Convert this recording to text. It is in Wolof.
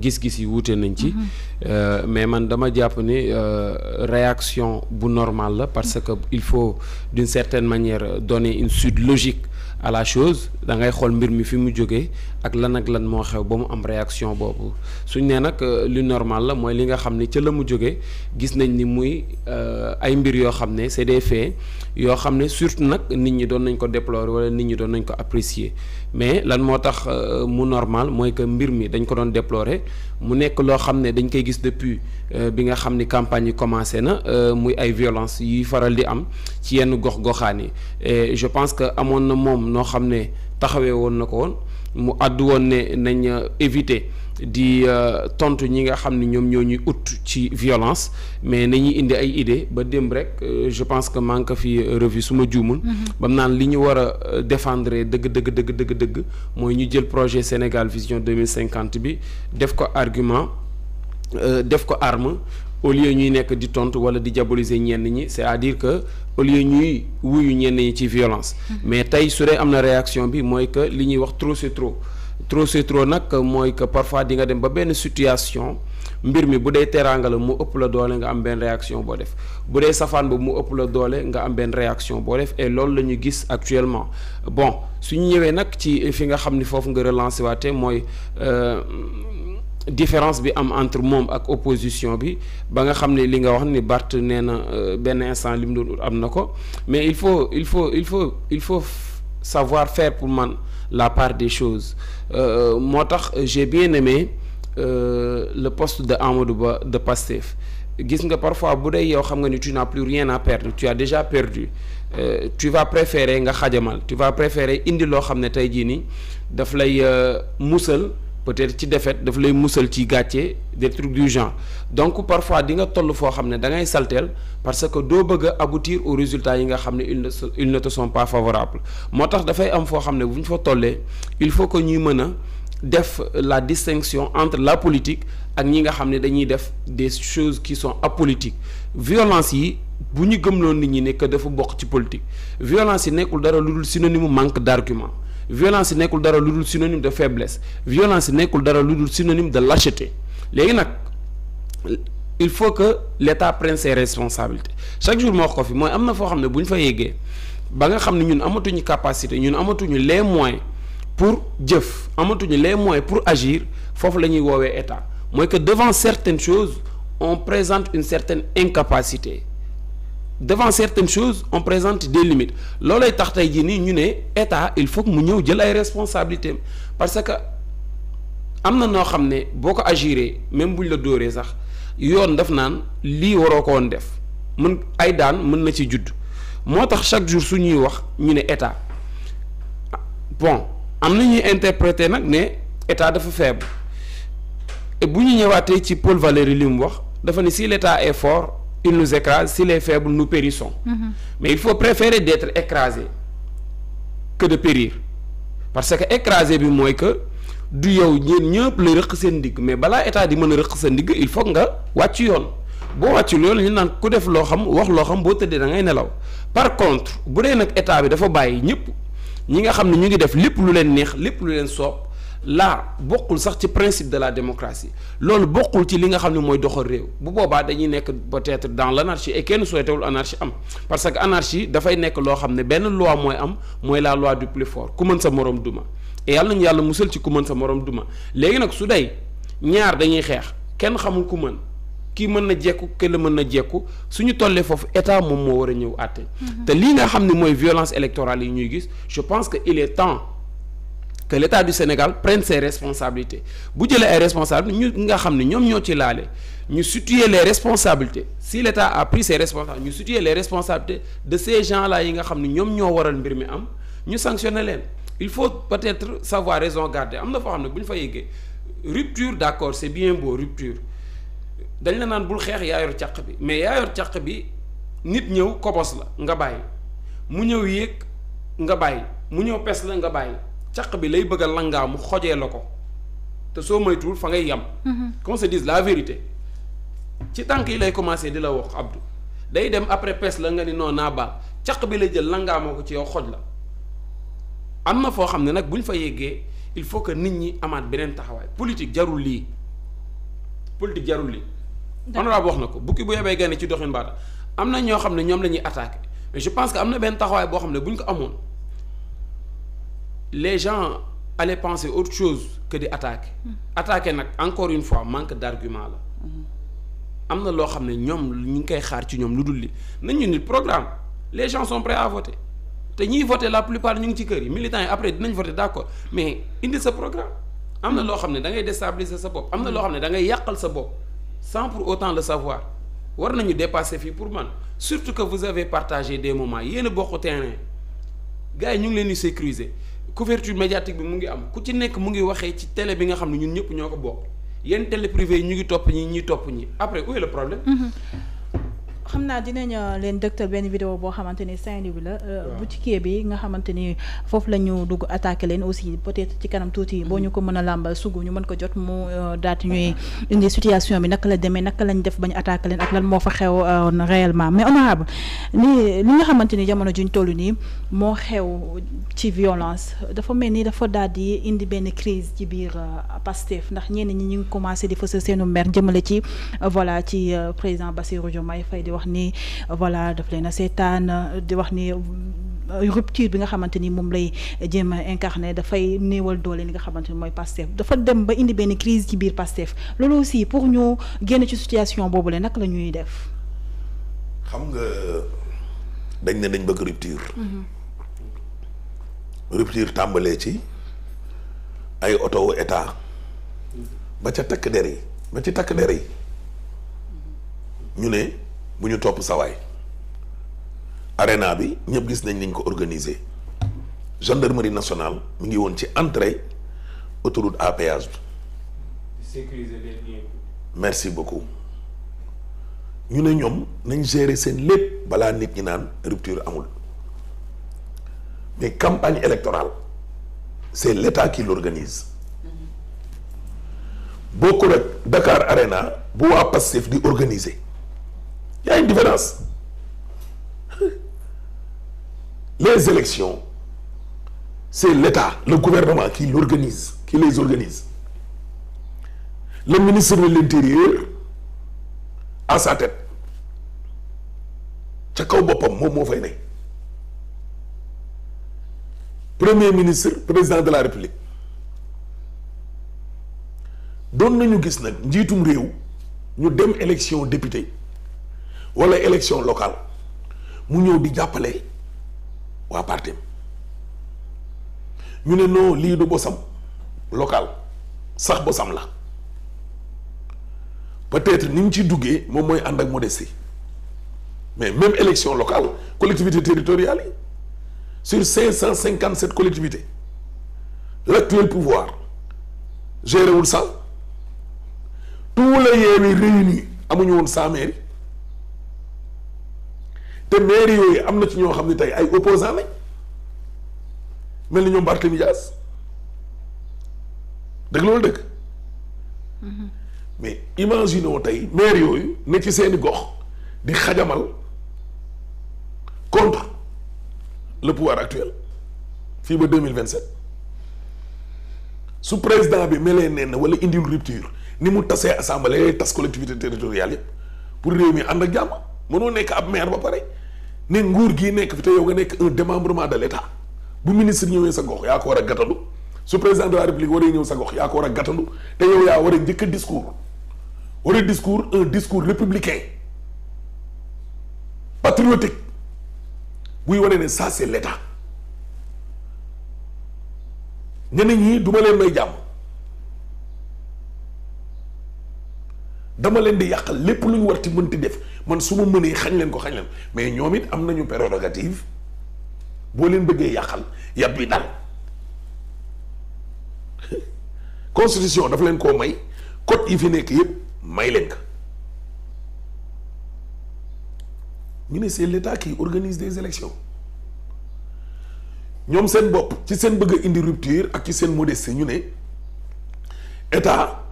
gis-gis yi wuute nañ ci mhm. euh, mais man dama jàpp ni euh, réaction bu normal la parce que il faut d'une certaine manière donner une suite logique à la chose da ngay xool mbir mi fi mu jógee ak lan ak lan moo xew ba mu am réaction boobu suñ nee nag euh, lu normal la mooy li nga xam ni ca la mu jóge gis nañ ni muy euh, ay mbir yoo xam ne c'est des faits yoo xam ne surtout nag nit ñi doon nañ ko déplorer wala nit ñi doon nañ ko apprécier mais lan moo tax euh, mu normal mooy que mbir mi dañ ko doon déplorer mu nekk loo xam ne dañ koy gis depuis bi nga xam ni campagne yi commencé na muy ay violence yuy faral di am ci yenn gox goxaan yi et noo xam ne taxawee woon na ko woon mu àddu woon ne nañ euh, éviter di euh, tontu ñi nga xam ne ñoom ñoo ñuy ut ci violence mais nañuy indi ay idées ba démb rek euh, je pense que maa ngi ko fi revue su ma juumul. Mm-hmm. bam naan li ñu war a défendre dëgg dëgg dëgg dëgg dëgg mooy ñu jël projet Sénégal vision deux mille cinquante bi def ko argument def ko arme. au lieu ñuy nekk di tontu wala di diaboliser ñenn ñi c'est-à-dire que au ñuy wuyu ñenn ñi ci violence. Mm-hmm. mais tey su dee am na réaction bi mooy que li ñuy wax trop c'est trop trop nag mooy que parfois di nga dem ba benn situation. mbir mi bu dee teraanga la mu ëpp la doole nga am benn réaction boo def bu dee safaan ba mu ëpp la doole nga am benn réaction boo def et loolu la ñu gis actuellement bon su ñëwee nag ci fi nga xam ni foofu nga relancé waate mooy. Euh, différence bi am entre moom ak opposition bi ba nga xam ne li nga wax ni Barth nee na euh, benn instant lim nu doon am na ko mais il faut il faut il faut il faut savoir fair pour man la part des choses euh, moo tax j'ai bien aimé euh, le post de Amadou Ba de Pastef gis nga parfois bu dee yow xam nga ni tu n'as plus rien à perdre tu as déjà perdu euh, tu vas préférer nga xajamal tu vas préférer indi loo xam ne tey jii nii daf lay euh, musal peut-être ci défaite daf lay musal ci gàcce des trucs du genre donc parfois di nga toll foo xam ne da ngay salteel parce que doo bëgg a aboutir aux résultats yi nga xam ne ils ne ils ne te sont pas favorables moo tax dafay am foo xam ne bu ñu fa tollee il faut que ñuy mën a def la distinction entre la politique ak ñi nga xam ne dañuy def des choses qui son apolitiques violence yi bu ñu gëmloon nit ñi ne que dafa bokk ci politique violence yi nekkul dara lu dul synonyme manque d'argument violence nekkul dara lu dul synonyme de faiblesse violence nekkul dara lu dul synonyme da lâcheté léegi nag il faut que l'État prenne ses responsabilités chaque jour moo wax ko fi mooy am na foo xam ne bu ñu fa yeggee ba nga xam ne ñun amatuñu capacité ñun amatuñu lee moyens pour jëf amatuñu les moyens pour agir foofu la ñuy woowee État mooy que devant certaines chose on présente une certaine incapacité devant certaines chose on présente des limites loolay tax tey jii nii ñu ne état il faut mu ñëw jël ay responsabilités parce que am na noo xam ne boo ko agiré même buñ la dóoree sax yoon daf naan lii waroo ko woon def mën ay daan mën na ci juddu moo tax chaque jour su ñuy wax ñu ne état bon am na ñuy interpréter nag ne état dafa faible et bu ñu ñëwaatee ci Paul Valéry li mu wax dafa ne si l' état il nous écrase si les faibles nu périssons mm -hmm. mais il faut préférer d'être écrasé que périr parce que écrasé bi mooy que du yow ñeen ñëpp la rëq seen ndigg mais balaa état di mën a rëq sa ndigg il faut nga wàcc yoon boo wàccul loolu ñu naan ku def loo xam wax loo xam boo tëddee da ngay nelaw par contre bu dee nag état bi dafa bàyyi ñëpp ñi nga xam ne ñu ngi def lépp lu leen neex lépp lu leen soob là bokkul sax ci principe de la démocratie loolu bokkul ci li nga xam ne mooy doxal réew bu boobaa dañuy nekk peut-être dans l'anarchie et kenn souhaitewul anarchie am parce que anarchie dafay nekk loo xam ne benn loi mooy am mooy la loi du plus fort ku mën sa moroom duma yàlla nañu yàlla musal ci ku mën sa moroom duma léegi nag su day ñaar dañuy xeex kenn xamul ku mën kii mën na jekku kenn mën na jekku suñu tollee foofu état moom moo war a ñëw àtte mm-hmm. te lii nga xam ne mooy violence électorale yi ñuy gis je pense que il est temps que l'État du Sénégal prenne ses responsabilités bu jëlee ay responsables ñu nga xam ne ñoom ñoo ci laale ñu situer les responsabilité si l'État a pris ses responsabilités ñu situer les responsabilités de ces gens-là yi nga xam ne ñoom ñoo waral mbir mi am ñu sanctionner leen il faut peut-être savoir raison garder am na foo xam ne bu ñu fa yeggee rupture d'accord c'est bien beau rupture dañ la naan bul xeex yaa yor càq bi mais yaa yor càq bi nit ñëw kobos la nga bàyyi mu ñëw yéeg nga bàyyi mu ñëw pes la nga bàyyi caq bi lay bëgg langaamu xojee la ko te soo moytuwul fa ngay yam mhm. qu'on se dise la vérité ci tànk yi lay commencé di la wax Abdou day dem après pes la nga ni non naa baal caq bi lay jël langaa ko ci yow xoj la am na foo xam ne nag bu ñu fa yeggee il faut que nit ñi amaat beneen taxawaay politique jarul lii politique jarul lii honorable wax na ko bukki bu yebee gane ci doxin baata am na ñoo xam ne ñoom la ñuy attaqué mais je pense que am na benn taxawaay boo xam ne bu ko amoon les gens allaient penser autre chose que di attaque attaquer nag encore une fois manque d'argument la. am na loo xam ne ñoom ñu ngi koy xaar ci ñoom lu dul li nañu ni programme les gens sont prêts à voter te ñiy voter la plupart ñu ngi ci kër yi militants yi après dinañ voter d'accord mais indi sa programme am na loo xam ne da ngay déstabiliser sa bopp am na loo xam ne da ngay yàqal sa bopp sans pour autant le savoir war nañu dépasser fii pour man surtout que vous avez partagé des moments yéen a bokk terrain gars yi ñu ngi leen di sécuriser couverture médiatique bi mu ngi am ku ci nekk mu ngi waxee ci télé bi nga xam ne ñun ñëpp ñoo ko bokk yenn télé privé ñu ngi topp ñi ñuy topp ñi après où est le xam naa dinañ leen dëgtal benn vidéo boo xamante ni Saint-Louis la. Euh, bu ci kii bi nga xamante ni foofu la ñu dugg attaqué leen aussi peut-être ci kanam tuuti. boo mm-hmm. ñu ko mën a làmbal sugu ñu mën ko jot mu euh, daati ñuy indi situation bi naka la demee naka lañ def bañ attaqué leen ak lan moo fa xew euh, réellement mais honorable li li nga xamante ni jamono juñ toll nii moo xew ci violence dafa mel ni dafa daal di indi benn crise ci biir Pastef ndax ñeen ñi ñu ngi commencé di fësal seenu mer jëmale ci voilà ci président Bassirou Diomaye Faye di wax. wax ni voilà daf leen a seetaan di wax ni euh, rupture bi nga xamante ni moom lay jéem a incarné dafay néewal doole li nga xamante ni mooy Pastef dafa dem ba indi benn crise ci biir Pastef loolu aussi pour ñu génn ci situation boobu la nag la ñuy def. xam nga dañ ne dañ bëgg rupture. Mhm. rupture tàmbalee ci ay oto wu ba ca takk der yi ba ci takk der yi mhm. ñu ne. bu ñu topp sawaay arena bi ñëpp gis nañ lañ ko organiser gendarmerie nationale mu ngi woon ci entrée autoroute à péage bi. sécuriser les merci beaucoup ñu ne ñoom nañ gérer seen lépp balaa nit ñi naan rupture amul mais campagne électorale seen l'État qui l'organise mm-hmm. bokkul ak Dakar Arena bu waa Pastef di organiser. différence les élections c'est l'État le gouvernement qui l'organise ki les organise le ministre de l'Intérieur à sa ca kaw boppam moom moo fay ne premier ministre président de la République doon nañu gis nag njiitum réew ñu dem élection député wala élection locale mu ñëw di jàppale waa parti ñu ne non lii du bosam local sax bosam la peut-être ni mu ci duggee moom mooy ànd ak modestie mais même élection locale collectivité territoriale yi sur cinq cent cinquante sept collectivités l'actuel pouvoir géré wul ça tous les Yewwi amuñu woon cent te maire yooyu am na ci ñoo xam ne tey ay opposants lañ mel ni ñoom Barthélemy Dias dëgg loolu dëgg mais imaginons tey maire yooyu ne ci seeni gox di xajamal contre la pouvoir actuel fii ba deux mille vingt sept su président bi melee nen wala indiwul rupture ni mu tasee assemblée tas collectivité territoriale yëpp pour réew mi ànd ak jàmm mënoo nekk ab maire ba pare ne nguur gii nekk fi te yow nga nekk un démembrement de l' bu ministre ñëwee sa gox yaa ko war a gàttandu su président de la république a ñëw sa gox yaa ko war a gàttandu te yow yaa war a njëkk a discours war a discours un discours républicain patriotique buy wane ne ça c' est l' ñi du leen may jàmm. dama leen di yàqal lépp lu ñu war ci mënti def man su ma mënee xañ leen ko xañ leen mais ñoom it am nañu prérogative boo leen bëggee yàqal yàpp yi dal constitution daf leen koo may code yi fi nekk yëpp may leen ko ñu ne seen l'État kii organise des élections ñoom seen bopp ci seen bëgg indi rupture ak ci seen modestie ñu ne État